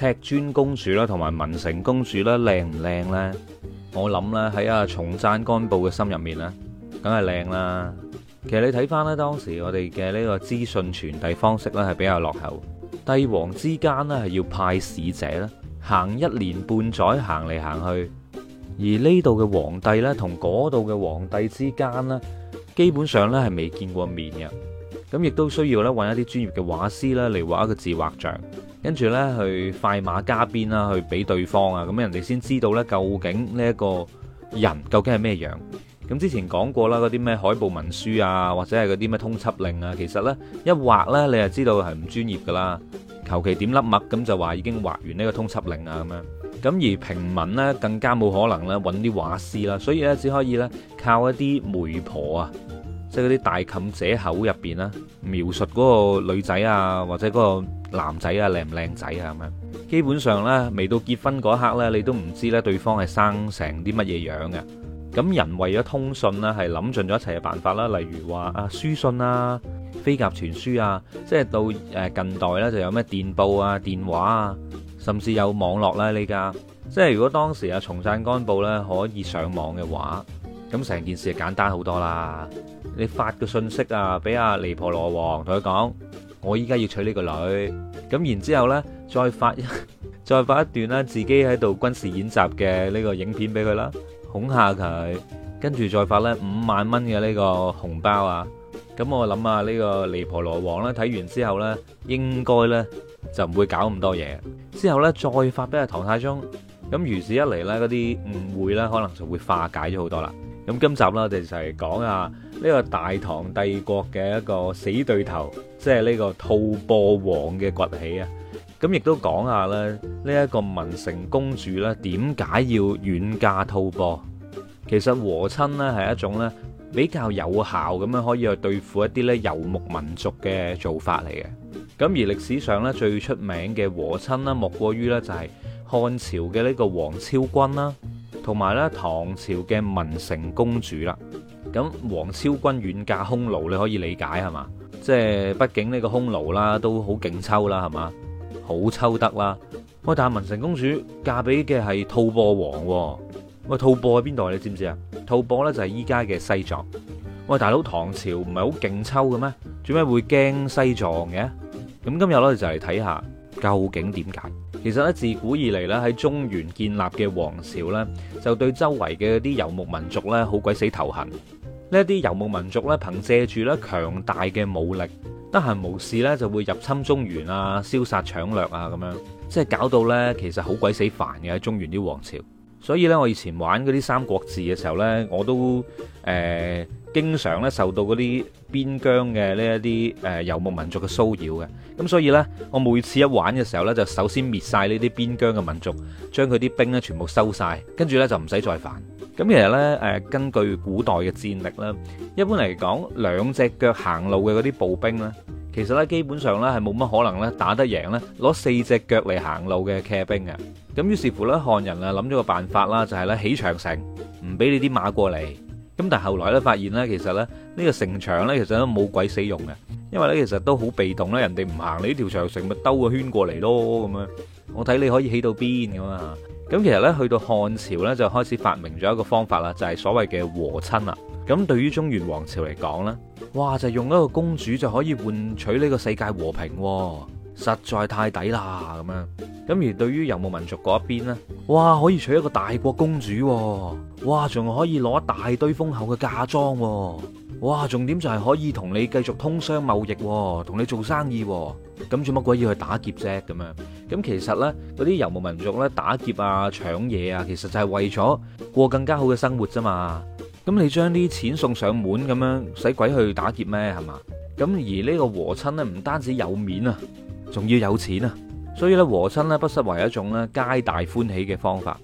尺尊公主啦，同埋文成公主啦，靚唔靚呢？我諗咧喺阿松贊幹布嘅心入面咧，梗係靚啦。其實你睇翻咧當時我哋嘅呢個資訊傳遞方式咧係比較落後，帝皇之間咧係要派使者咧行一年半載行嚟行去，而呢度嘅皇帝咧同嗰度嘅皇帝之間咧基本上咧係未見過面嘅，咁亦都需要揾一啲專業嘅畫師咧嚟畫一個字畫像。跟住呢，去快馬加鞭啦，去俾對方啊，咁人哋先知道呢，究竟呢一個人究竟係咩樣？咁之前講過啦，嗰啲咩海捕文書啊，或者係嗰啲咩通緝令啊，其實呢，一畫呢，你就知道係唔專業噶啦。求其點粒墨咁就話已經畫完呢個通緝令啊咁樣。咁而平民呢，更加冇可能呢揾啲畫師啦，所以呢，只可以呢，靠一啲媒婆啊，即係嗰啲大妗姐口入邊啦，描述嗰個女仔啊，或者嗰、嗰個。男仔啊，靚唔靚仔啊咁樣，基本上呢，未到結婚嗰一刻呢，你都唔知呢對方係生成啲乜嘢樣嘅。咁人為咗通訊呢，係諗盡咗一切嘅辦法啦，例如話啊書信啦、啊、飛鴿傳書啊，即係到誒近代呢，就有咩電報啊、電話啊，甚至有網絡啦、啊。呢家即係如果當時啊松贊干布呢，可以上網嘅話，咁成件事就簡單好多啦。你發個信息啊，俾阿、啊、尼婆羅王同佢講。我依家要娶呢個女，咁然之後咧，再發再發一段啦，自己喺度軍事演習嘅呢個影片俾佢啦，恐嚇佢，跟住再發咧五萬蚊嘅呢個紅包啊，咁我諗啊呢個尼婆羅王咧睇完之後咧，應該咧就唔會搞咁多嘢，之後咧再發俾阿唐太宗，咁如此一嚟咧，嗰啲誤會咧可能就會化解咗好多啦。咁今集啦，我哋就嚟講下，呢個大唐帝國嘅一個死對頭。即係呢、這個吐蕃王嘅崛起啊！咁亦都講下咧，呢、這、一個文成公主呢點解要遠嫁吐蕃？其實和親呢係一種呢比較有效咁樣可以去對付一啲呢遊牧民族嘅做法嚟嘅。咁而歷史上呢最出名嘅和親呢，莫過於呢就係漢朝嘅呢個王昭君啦，同埋呢唐朝嘅文成公主啦。咁王昭君遠嫁匈奴，你可以理解係嘛？是即係畢竟呢個匈奴啦，都好勁抽啦，係嘛？好抽得啦！喂，但係文成公主嫁俾嘅係吐蕃王喎。喂，吐蕃喺邊度？你知唔知啊？吐蕃咧就係依家嘅西藏。喂，大佬，唐朝唔係好勁抽嘅咩？做咩會驚西藏嘅？咁今日咧就嚟睇下究竟點解？其實咧自古以嚟咧喺中原建立嘅王朝咧，就對周圍嘅啲遊牧民族咧好鬼死頭痕。呢一啲遊牧民族呢，憑藉住呢強大嘅武力，得閒無事呢就會入侵中原啊，燒殺搶掠啊咁樣，即係搞到呢其實好鬼死煩嘅喺中原啲王朝。所以呢，我以前玩嗰啲《三國志》嘅時候呢，我都誒、呃、經常呢受到嗰啲邊疆嘅呢一啲誒遊牧民族嘅騷擾嘅。咁所以呢，我每次一玩嘅時候呢，就首先滅晒呢啲邊疆嘅民族，將佢啲兵呢全部收晒。跟住呢，就唔使再煩。咁其實咧，誒根據古代嘅戰力啦，一般嚟講兩隻腳行路嘅嗰啲步兵咧，其實咧基本上咧係冇乜可能咧打得贏咧攞四隻腳嚟行路嘅騎兵嘅。咁於是乎咧，漢人啊諗咗個辦法啦，就係咧起長城，唔俾你啲馬過嚟。咁但係後來咧發現咧，其實咧呢個城牆咧其實都冇鬼死用嘅，因為咧其實都好被動咧，人哋唔行你呢條長城咪兜個圈過嚟咯咁樣。我睇你可以起到邊咁啊！咁其實呢，去到漢朝呢，就開始發明咗一個方法啦，就係所謂嘅和親啦。咁對於中原王朝嚟講呢，哇，就用一個公主就可以換取呢個世界和平喎，實在太抵啦！咁樣，咁而對於遊牧民族嗰一邊呢，哇，可以娶一個大國公主喎，哇，仲可以攞一大堆豐厚嘅嫁妝喎。哇，重點就係可以同你繼續通商貿易，同你做生意，咁做乜鬼要去打劫啫？咁樣，咁其實呢，嗰啲遊牧民族呢，打劫啊、搶嘢啊，其實就係為咗過更加好嘅生活啫嘛。咁你將啲錢送上門咁樣，使鬼去打劫咩？係嘛？咁而呢個和親呢，唔單止有面啊，仲要有錢啊，所以呢，和親呢，不失為一種呢，皆大歡喜嘅方法。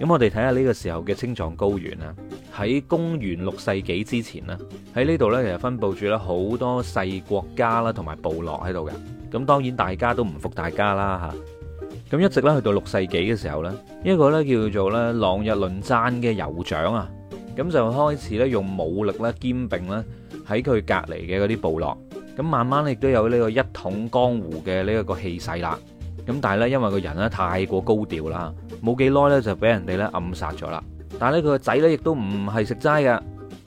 咁我哋睇下呢個時候嘅青藏高原啊。喺公元六世紀之前呢，喺呢度呢，其實分布住咧好多細國家啦，同埋部落喺度嘅。咁當然大家都唔服大家啦嚇。咁一直咧去到六世紀嘅時候呢，一個呢叫做呢朗日論贊嘅酋長啊，咁就開始咧用武力咧兼並咧喺佢隔離嘅嗰啲部落。咁慢慢亦都有呢個一統江湖嘅呢一個氣勢啦。咁但係咧因為個人咧太過高調啦，冇幾耐呢就俾人哋咧暗殺咗啦。但係咧，佢個仔咧亦都唔係食齋噶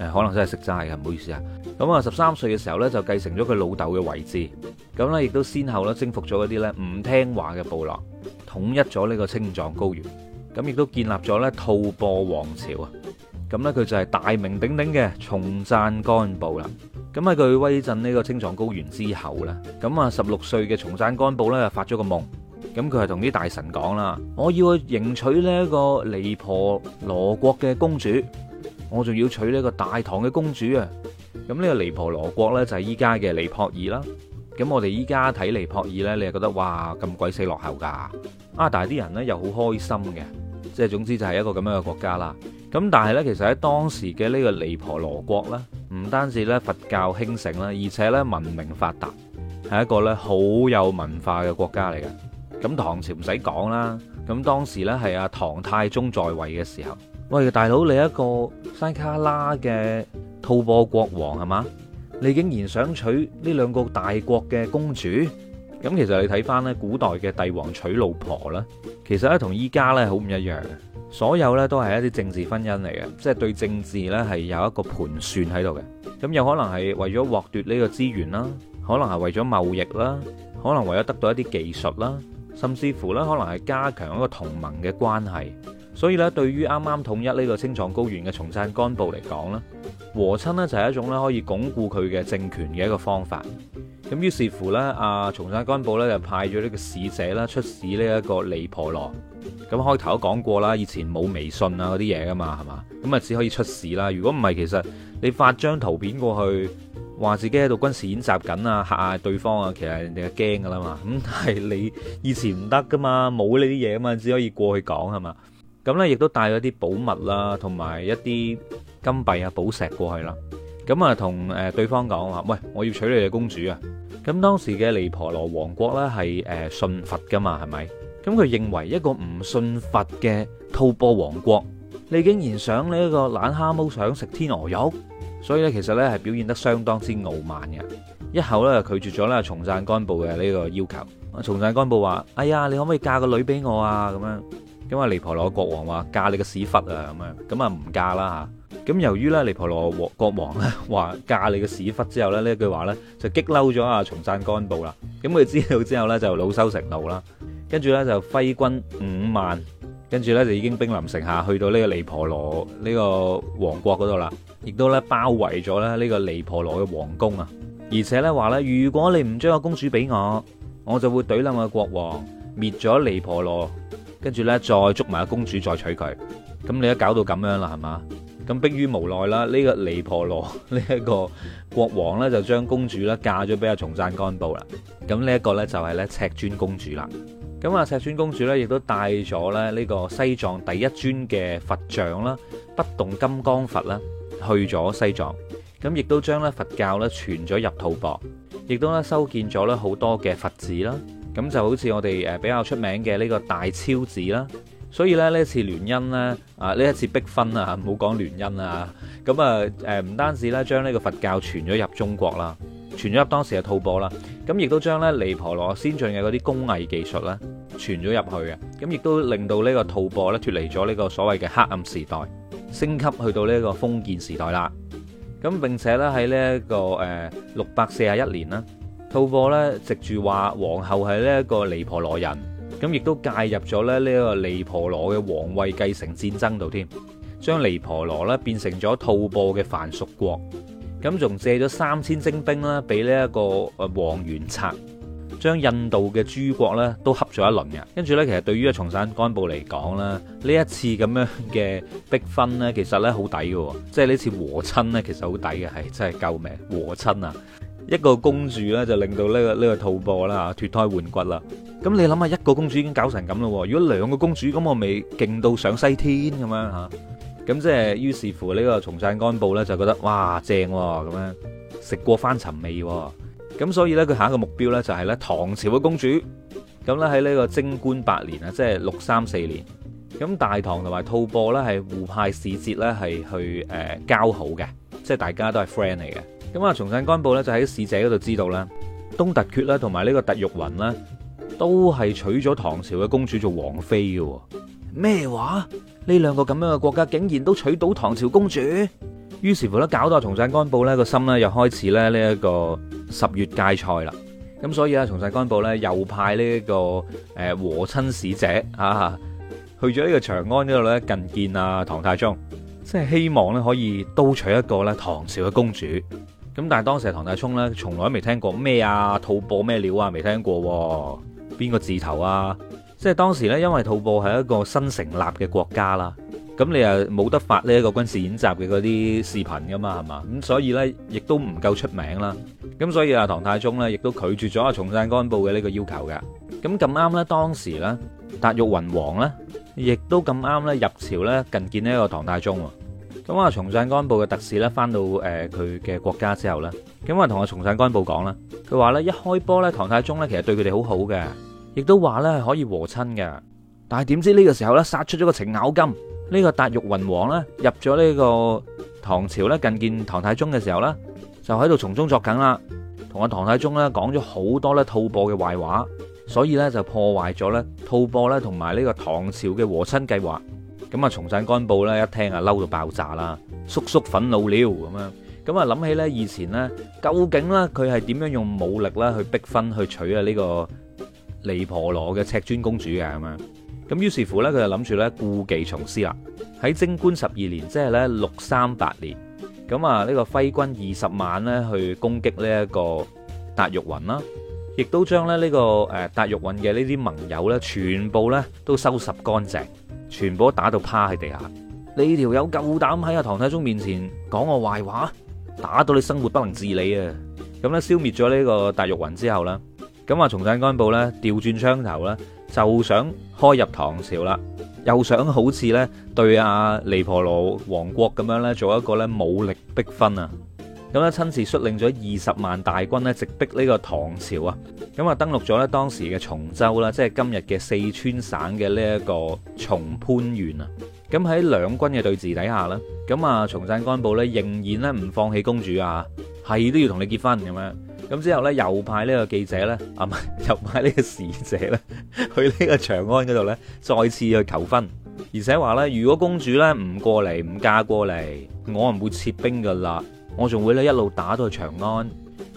誒，可能真係食齋㗎，唔好意思啊。咁啊，十三歲嘅時候咧，就繼承咗佢老豆嘅位置。咁咧，亦都先後咧征服咗一啲咧唔聽話嘅部落，統一咗呢個青藏高原。咁亦都建立咗咧吐蕃王朝啊。咁咧，佢就係大名鼎鼎嘅松贊幹布啦。咁喺佢威震呢個青藏高原之後咧，咁啊，十六歲嘅松贊幹布咧發咗個夢。咁佢係同啲大臣講啦，我要去迎娶呢一個尼婆羅國嘅公主，我仲要娶呢個大唐嘅公主啊。咁呢個尼婆羅國呢，就係依家嘅尼泊爾啦。咁我哋依家睇尼泊爾呢，你又覺得哇咁鬼死落後噶啊，但係啲人呢又好開心嘅，即係總之就係一個咁樣嘅國家啦。咁但係呢，其實喺當時嘅呢個尼婆羅國呢，唔單止呢佛教興盛啦，而且呢文明發達，係一個呢好有文化嘅國家嚟嘅。咁唐朝唔使講啦。咁當時呢係阿唐太宗在位嘅時候，喂大佬，你一個山卡拉嘅吐蕃國王係嘛？你竟然想娶呢兩個大國嘅公主？咁其實你睇翻呢古代嘅帝王娶老婆啦，其實呢同依家呢好唔一樣。所有呢都係一啲政治婚姻嚟嘅，即係對政治呢係有一個盤算喺度嘅。咁有可能係為咗獲奪呢個資源啦，可能係為咗貿易啦，可能為咗得到一啲技術啦。甚至乎咧，可能係加強一個同盟嘅關係，所以咧，對於啱啱統一呢個青藏高原嘅松贊干布嚟講咧，和親呢就係一種咧可以鞏固佢嘅政權嘅一個方法。咁於是乎呢，阿松贊干布呢就派咗呢個使者啦出使呢一個泥婆羅。咁開頭都講過啦，以前冇微信啊嗰啲嘢噶嘛，係嘛？咁啊只可以出使啦。如果唔係，其實你發張圖片過去。話自己喺度軍事演習緊啊，嚇下對方啊，其實人哋就驚噶啦嘛，咁但係你以前唔得噶嘛，冇呢啲嘢啊嘛，只可以過去講係咪？咁咧亦都帶咗啲寶物啦，同埋一啲金幣啊、寶石過去啦，咁啊同誒對方講話，喂，我要娶你嘅公主啊！咁當時嘅尼婆羅王國咧係誒信佛噶嘛，係咪？咁佢認為一個唔信佛嘅吐蕃王國，你竟然想呢一個懶蝦毛想食天鵝肉？所以咧，其實咧係表現得相當之傲慢嘅，一口咧拒絕咗咧松贊干布嘅呢個要求。松贊干布話：哎呀，你可唔可以嫁個女俾我啊？咁樣，咁啊尼婆羅國王話嫁你個屎忽啊？咁樣就，咁啊唔嫁啦吓。咁由於咧尼婆羅國王咧話嫁你個屎忽之後咧，呢一句話咧就激嬲咗阿松贊干布啦。咁佢知道之後咧就惱羞成怒啦，跟住咧就揮軍五萬。跟住呢，就已經兵臨城下，去到呢個尼婆羅呢個王國嗰度啦，亦都呢，包圍咗咧呢個尼婆羅嘅王宮啊，而且呢，話呢，如果你唔將個公主俾我，我就會懟冧個國王，滅咗尼婆羅，跟住呢，再捉埋個公主再娶佢。咁你都搞到咁樣啦，係嘛？咁迫於無奈啦，呢個尼婆羅呢一個國王呢，就將公主呢嫁咗俾阿松讚幹布啦。咁呢一個呢，就係呢赤尊公主啦。咁啊！赤尊公主咧，亦都帶咗咧呢個西藏第一尊嘅佛像啦，不動金剛佛啦，去咗西藏。咁亦都將咧佛教咧傳咗入吐蕃，亦都咧修建咗咧好多嘅佛寺啦。咁就好似我哋誒比較出名嘅呢個大昭寺啦。所以咧呢一次聯姻咧啊，呢一次逼婚啊，唔好講聯姻啊。咁啊誒唔單止咧將呢個佛教傳咗入中國啦，傳咗入當時嘅吐蕃啦。咁亦都將咧尼婆羅先進嘅嗰啲工藝技術啦傳咗入去嘅，咁亦都令到呢個吐蕃咧脫離咗呢個所謂嘅黑暗時代，升級去到呢個封建時代啦。咁並且咧喺呢一個誒六百四十一年啦，吐蕃咧藉住話皇后係呢一個尼婆羅人，咁亦都介入咗咧呢一個尼婆羅嘅皇位繼承戰爭度添，將尼婆羅咧變成咗吐蕃嘅藩屬國，咁仲借咗三千精兵啦，俾呢一個誒王玄策。將印度嘅諸國咧都恰咗一輪嘅，跟住咧其實對於啊，松贊干布嚟講咧，呢一次咁樣嘅逼婚咧，其實咧好抵嘅，即係呢次和親咧，其實好抵嘅，係真係救命和親啊！一個公主咧就令到呢個呢個吐蕃啦嚇脫胎換骨啦，咁你諗下一個公主已經搞成咁咯，如果兩個公主咁，我咪勁到上西天咁樣嚇，咁即係於是乎呢個松贊干布咧就覺得哇正喎，咁樣食過翻尋味喎。咁所以咧，佢下一個目標咧就係咧唐朝嘅公主。咁咧喺呢個貞觀八年啊，即係六三四年。咁大唐同埋吐蕃咧係互派使節咧係去誒交好嘅，即係大家都係 friend 嚟嘅。咁啊，松贊干布咧就喺使者嗰度知道啦，東突厥啦同埋呢個吐谷渾啦，都係娶咗唐朝嘅公主做王妃嘅。咩話？呢兩個咁樣嘅國家竟然都娶到唐朝公主？於是乎咧，搞到啊，松贊干布咧個心咧又開始咧呢一個十月芥菜啦。咁所以咧，松贊干布咧又派呢一個誒和親使者啊，去咗呢個長安嗰度咧覲見啊唐太宗，即係希望咧可以都娶一個咧唐朝嘅公主。咁但係當時啊，唐太宗咧從來都未聽過咩啊吐蕃咩料啊，未聽過邊個字頭啊。即係當時咧，因為吐蕃係一個新成立嘅國家啦。咁你啊冇得發呢一個軍事演習嘅嗰啲視頻噶嘛，係嘛？咁，所以咧亦都唔夠出名啦。咁所以啊，唐太宗咧亦都拒絕咗啊，松贊干布嘅呢個要求嘅。咁咁啱咧，當時咧達玉雲王咧，亦都咁啱咧入朝咧近見呢個唐太宗喎。咁啊，松贊干布嘅特使咧翻到誒佢嘅國家之後咧，咁啊同啊松贊干布講啦，佢話咧一開波咧唐太宗咧其實對佢哋好好嘅，亦都話咧可以和親嘅。但係點知呢個時候咧殺出咗個程咬金。這個、達呢個吐谷渾王咧入咗呢個唐朝咧，覲見唐太宗嘅時候咧，就喺度從中作梗啦，同阿唐太宗咧講咗好多咧吐蕃嘅壞話，所以咧就破壞咗咧吐蕃咧同埋呢，呢個唐朝嘅和親計劃。咁啊，松贊干布咧一聽啊，嬲到爆炸啦，叔叔憤怒了咁樣。咁啊，諗起咧以前咧，究竟咧佢係點樣用武力咧去逼婚去娶啊呢個尼婆羅嘅赤尊公主嘅咁樣？咁於是乎咧，佢就諗住咧故技重施啦。喺貞觀十二年，即係咧六三八年，咁啊呢個揮軍二十萬咧去攻擊呢一個達玉雲啦，亦都將咧呢個誒達玉雲嘅呢啲盟友咧全部咧都收拾乾淨，全部打到趴喺地下。呢條友夠膽喺阿唐太宗面前講我壞話，打到你生活不能自理啊！咁咧消滅咗呢個達玉雲之後咧，咁啊重振軍部咧，調轉槍頭呢。就想開入唐朝啦，又想好似呢對啊尼婆羅王國咁樣呢做一個呢武力逼婚啊！咁呢親自率領咗二十萬大軍呢直逼呢個唐朝啊！咁啊登陸咗呢當時嘅松州啦，即係今日嘅四川省嘅呢一個松潘縣啊！咁喺兩軍嘅對峙底下啦，咁啊松贊干布呢，仍然咧唔放棄公主啊，係都要同你結婚咁樣咁之後呢、啊，又派呢個記者呢，啊唔係，又派呢個使者呢，去呢個長安嗰度呢，再次去求婚，而且話呢，如果公主呢唔過嚟，唔嫁過嚟，我唔會撤兵噶啦，我仲會呢一路打到去長安。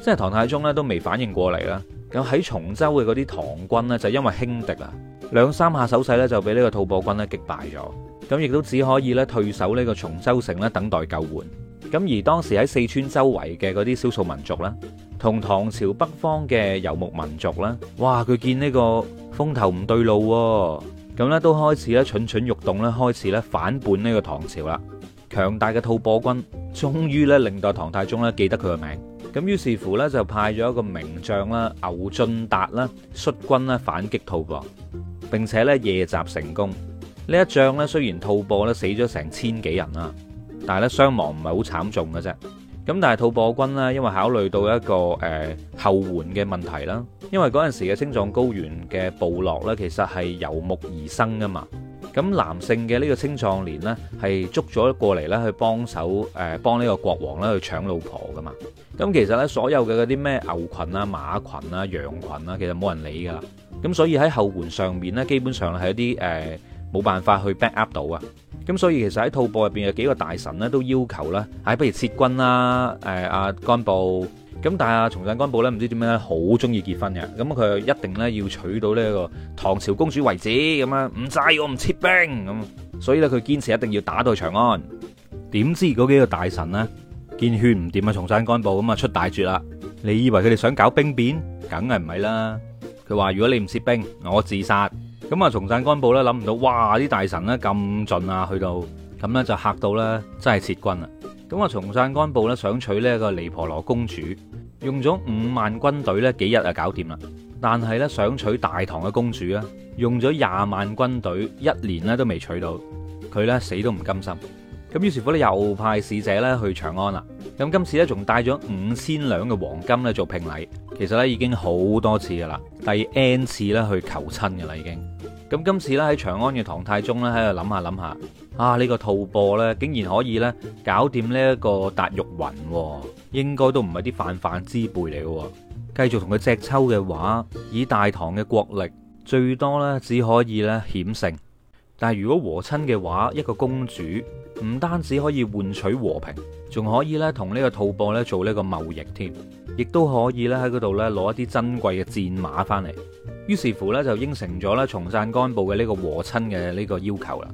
即係唐太宗呢都未反應過嚟啦。咁喺崇州嘅嗰啲唐軍呢，就因為輕敵啦，兩三下手勢呢，就俾呢個吐蕃軍呢擊敗咗，咁亦都只可以呢退守呢個崇州城呢等待救援。咁而當時喺四川周圍嘅嗰啲少數民族呢，同唐朝北方嘅游牧民族啦，哇！佢見呢個風頭唔對路，咁呢都開始咧蠢蠢欲動咧，開始咧反叛呢個唐朝啦。強大嘅吐蕃軍終於咧令到唐太宗咧記得佢個名，咁於是乎呢，就派咗一個名將啦，牛進達啦率軍咧反擊吐蕃，並且咧夜襲成功。呢一仗呢，雖然吐蕃咧死咗成千幾人啦，但係咧傷亡唔係好慘重㗎啫。咁但係吐蕃軍呢，因為考慮到一個誒、呃、後援嘅問題啦，因為嗰陣時嘅青藏高原嘅部落呢，其實係游牧而生噶嘛。咁男性嘅呢個青壯年呢，係捉咗過嚟呢去幫手誒幫呢個國王咧去搶老婆噶嘛。咁其實呢，所有嘅嗰啲咩牛群啊、馬群啊、羊群啊，其實冇人理噶。咁所以喺後援上面呢，基本上係一啲誒冇辦法去 back up 到啊。咁所以其實喺吐蕃入面，有幾個大臣咧都要求啦，唉，不如撤軍啦，誒阿干布，咁但係啊松贊干布咧唔知點樣咧，好中意結婚嘅，咁佢一定咧要娶到呢個唐朝公主為止，咁樣唔制，我唔撤兵，咁所以咧佢堅持一定要打到長安。點知嗰幾個大臣呢，見血唔掂啊，松贊干布咁啊出大絕啦！你以為佢哋想搞兵變？梗係唔係啦。佢話如果你唔撤兵，我自殺。咁啊，松贊干布咧，諗唔到，哇！啲大臣咧咁盡啊，去到咁咧就嚇到咧，真係撤軍啦。咁啊，松贊干布咧想娶呢一個尼婆羅公主，用咗五萬軍隊咧幾日啊搞掂啦。但係咧想娶大唐嘅公主呢，用咗廿萬軍隊一年咧都未娶到，佢咧死都唔甘心。咁於是乎咧又派使者咧去長安啦。咁今次咧仲帶咗五千兩嘅黃金咧做聘禮。其實咧已經好多次噶啦，第 N 次咧去求親噶啦已經。咁今次咧喺長安嘅唐太宗咧喺度諗下諗下，啊呢個吐蕃咧竟然可以咧搞掂呢一個達玉雲，應該都唔係啲泛泛之輩嚟嘅。繼續同佢隻抽嘅話，以大唐嘅國力，最多咧只可以咧險勝。但係如果和親嘅話，一個公主唔單止可以換取和平，仲可以咧同呢個吐蕃咧做呢個貿易添。亦都可以咧喺嗰度咧攞一啲珍貴嘅戰馬翻嚟，於是乎咧就應承咗咧松贊干布嘅呢個和親嘅呢個要求啦。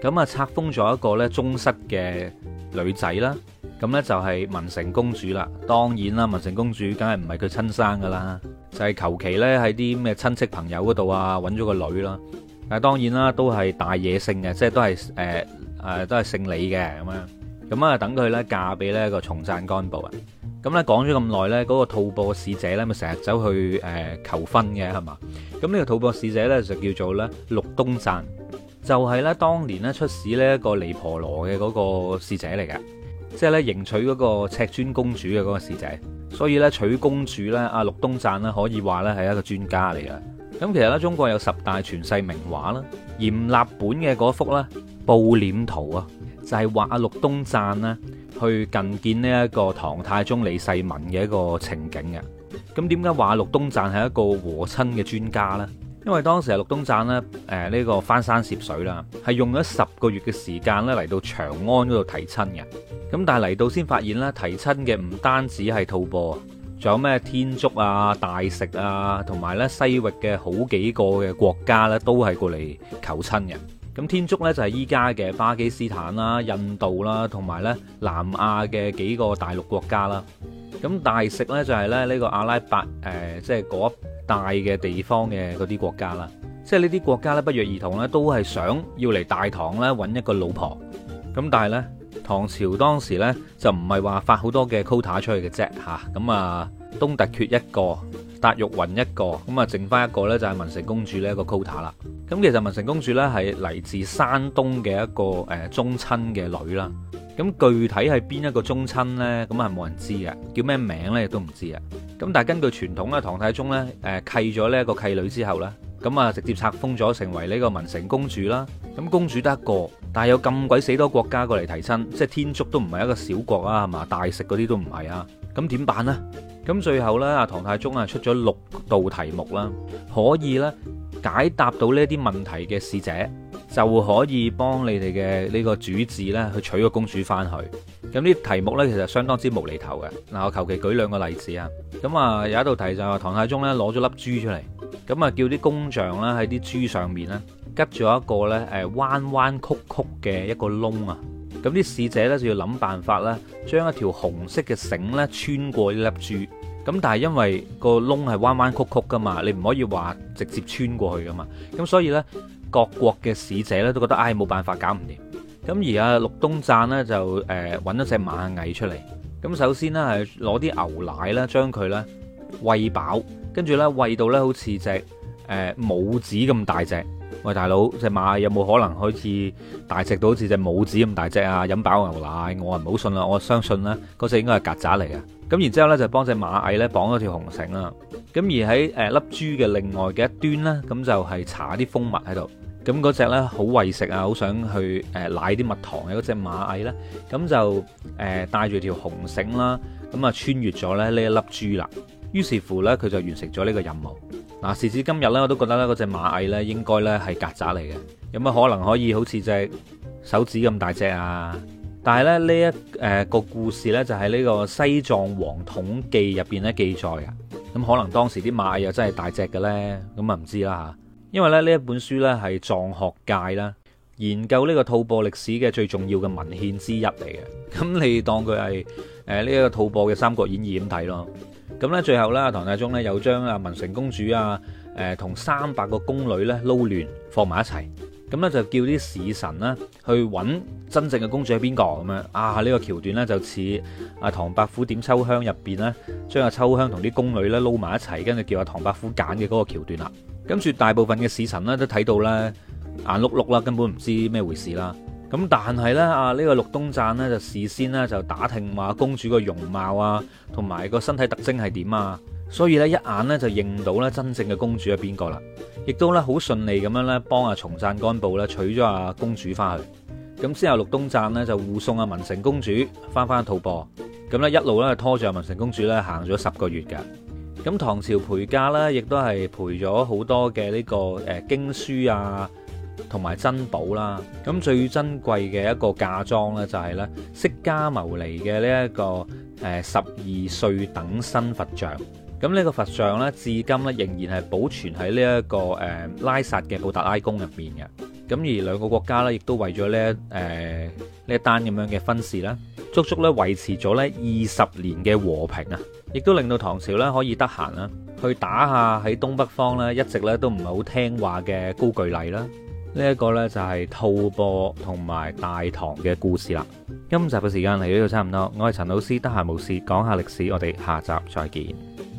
咁啊冊封咗一個咧宗室嘅女仔啦，咁咧就係文成公主啦。當然啦，文成公主梗係唔係佢親生噶啦，就係求其咧喺啲咩親戚朋友嗰度啊揾咗個女啦。但係當然啦，都係大野姓嘅，即係都係誒誒都係姓李嘅咁樣。咁啊，等佢咧嫁俾呢個松贊干布啊！咁咧講咗咁耐呢，嗰、那個吐蕃使者呢咪成日走去誒求婚嘅係嘛？咁呢、那個吐蕃使者呢就叫做呢祿東贊，就係、是、呢當年呢出使一個尼婆羅嘅嗰個使者嚟嘅，即係呢迎娶嗰個赤尊公主嘅嗰個使者。所以呢，娶公主呢啊祿東贊呢可以話呢係一個專家嚟嘅。咁其實呢，中國有十大傳世名畫啦，閻立本嘅嗰幅呢《步輦圖》啊。就係話阿祿東贊咧去覲見呢一個唐太宗李世民嘅一個情景嘅。咁點解話祿東贊係一個和親嘅專家呢？因為當時阿祿東贊咧誒呢個翻山涉水啦，係用咗十個月嘅時間咧嚟到長安嗰度提親嘅。咁但係嚟到先發現咧，提親嘅唔單止係吐蕃，仲有咩天竺啊、大食啊，同埋咧西域嘅好幾個嘅國家咧，都係過嚟求親嘅。咁天竺咧就係依家嘅巴基斯坦啦、印度啦，同埋咧南亞嘅幾個大陸國家啦。咁大食咧就係咧呢個阿拉伯誒、呃，即係嗰一帶嘅地方嘅嗰啲國家啦。即係呢啲國家咧不約而同咧都係想要嚟大唐咧揾一個老婆。咁但係咧唐朝當時咧就唔係話發好多嘅 quota 出去嘅啫吓，咁啊，東突厥一個。白玉雲一個咁啊，剩翻一個呢，就係文成公主呢一個 quota 啦。咁其實文成公主呢，係嚟自山東嘅一個誒宗親嘅女啦。咁具體係邊一個宗親呢？咁啊冇人知嘅，叫咩名呢？亦都唔知啊。咁但係根據傳統咧，唐太宗呢，誒契咗呢一個契女之後呢，咁啊直接冊封咗成為呢個文成公主啦。咁公主得一個，但係有咁鬼死多國家過嚟提親，即係天竺都唔係一個小國啊，係嘛？大食嗰啲都唔係啊。咁點辦呢？咁最後咧，阿唐太宗啊出咗六道題目啦，可以咧解答到呢啲問題嘅使者，就可以幫你哋嘅呢個主子咧去娶個公主翻去。咁呢啲題目咧，其實相當之無厘頭嘅。嗱，我求其舉兩個例子啊。咁啊有一道題就係唐太宗咧攞咗粒珠出嚟，咁啊叫啲工匠啦，喺啲珠上面咧吉咗一個咧誒彎彎曲曲嘅一個窿啊。咁啲使者咧就要諗辦法咧，將一條紅色嘅繩咧穿過呢粒珠。咁但係因為個窿係彎彎曲曲噶嘛，你唔可以話直接穿過去噶嘛，咁所以呢，各國嘅使者呢都覺得唉冇、哎、辦法搞唔掂。咁而阿、啊、祿東贊呢就誒揾咗隻螞蟻出嚟，咁首先呢，係攞啲牛奶呢將佢呢餵飽，跟住呢，餵到呢好似隻誒拇指咁大隻。餵大，大佬，隻螞蟻有冇可能好似大隻到好似隻拇指咁大隻啊？飲飽牛奶，我啊唔好信啦，我相信啦，嗰隻應該係曱甴嚟嘅。咁然之後呢，就幫隻螞蟻呢綁咗條紅繩啦。咁而喺粒珠嘅另外嘅一端呢，咁就係搽啲蜂蜜喺度。咁嗰隻呢，好餵食啊，好想去誒奶啲蜜糖嘅嗰隻螞蟻呢，咁就帶住條紅繩啦，咁啊穿越咗咧呢一粒珠啦。於是乎呢佢就完成咗呢個任務。嗱，時至今日呢，我都覺得呢嗰隻螞蟻咧應該呢係曱甴嚟嘅，有乜可能可以好似隻手指咁大隻啊？但係咧呢一誒個故事呢就喺呢個《西藏王統記》入邊呢記載嘅。咁可能當時啲螞蟻又真係大隻嘅咧，咁啊唔知啦嚇。因為咧呢一本書呢係藏學界啦研究呢個吐蕃歷史嘅最重要嘅文獻之一嚟嘅。咁你當佢係誒呢一個吐蕃嘅《三國演義》咁睇咯。咁咧，最後咧，唐太宗咧又將啊文成公主啊，誒同三百個宮女咧撈亂放埋一齊，咁咧就叫啲使臣呢去揾真正嘅公主係邊個咁樣啊？呢個橋段咧就似啊唐伯虎點秋香入邊咧，將阿秋香同啲宮女咧撈埋一齊，跟住叫阿唐伯虎揀嘅嗰個橋段啦。跟住大部分嘅使臣咧都睇到咧眼碌碌啦，根本唔知咩回事啦。咁但係咧，呢、這個祿東贊咧就事先咧就打聽話公主個容貌啊，同埋個身體特徵係點啊，所以咧一眼咧就認到咧真正嘅公主係邊個啦，亦都咧好順利咁樣咧幫阿松贊干布咧娶咗阿公主翻去。咁之後祿東贊咧就護送阿文成公主翻翻吐蕃，咁咧一路咧拖住阿文成公主咧行咗十個月嘅。咁唐朝陪嫁咧亦都係陪咗好多嘅呢個經書啊。同埋珍寶啦，咁最珍貴嘅一個嫁妝呢，就係呢釋迦牟尼嘅呢一個誒十二歲等身佛像，咁呢個佛像呢，至今呢，仍然係保存喺呢一個誒拉薩嘅布達拉宮入面嘅。咁而兩個國家呢，亦都為咗呢一誒呢、呃、一單咁樣嘅婚事呢，足足呢維持咗呢二十年嘅和平啊，亦都令到唐朝呢可以得閒啦去打下喺東北方呢，一直呢都唔係好聽話嘅高句麗啦。呢、這、一個呢，就係吐蕃同埋大唐嘅故事啦。今集嘅時間嚟到呢度差唔多，我係陳老師，得閒無事講下歷史，我哋下集再見。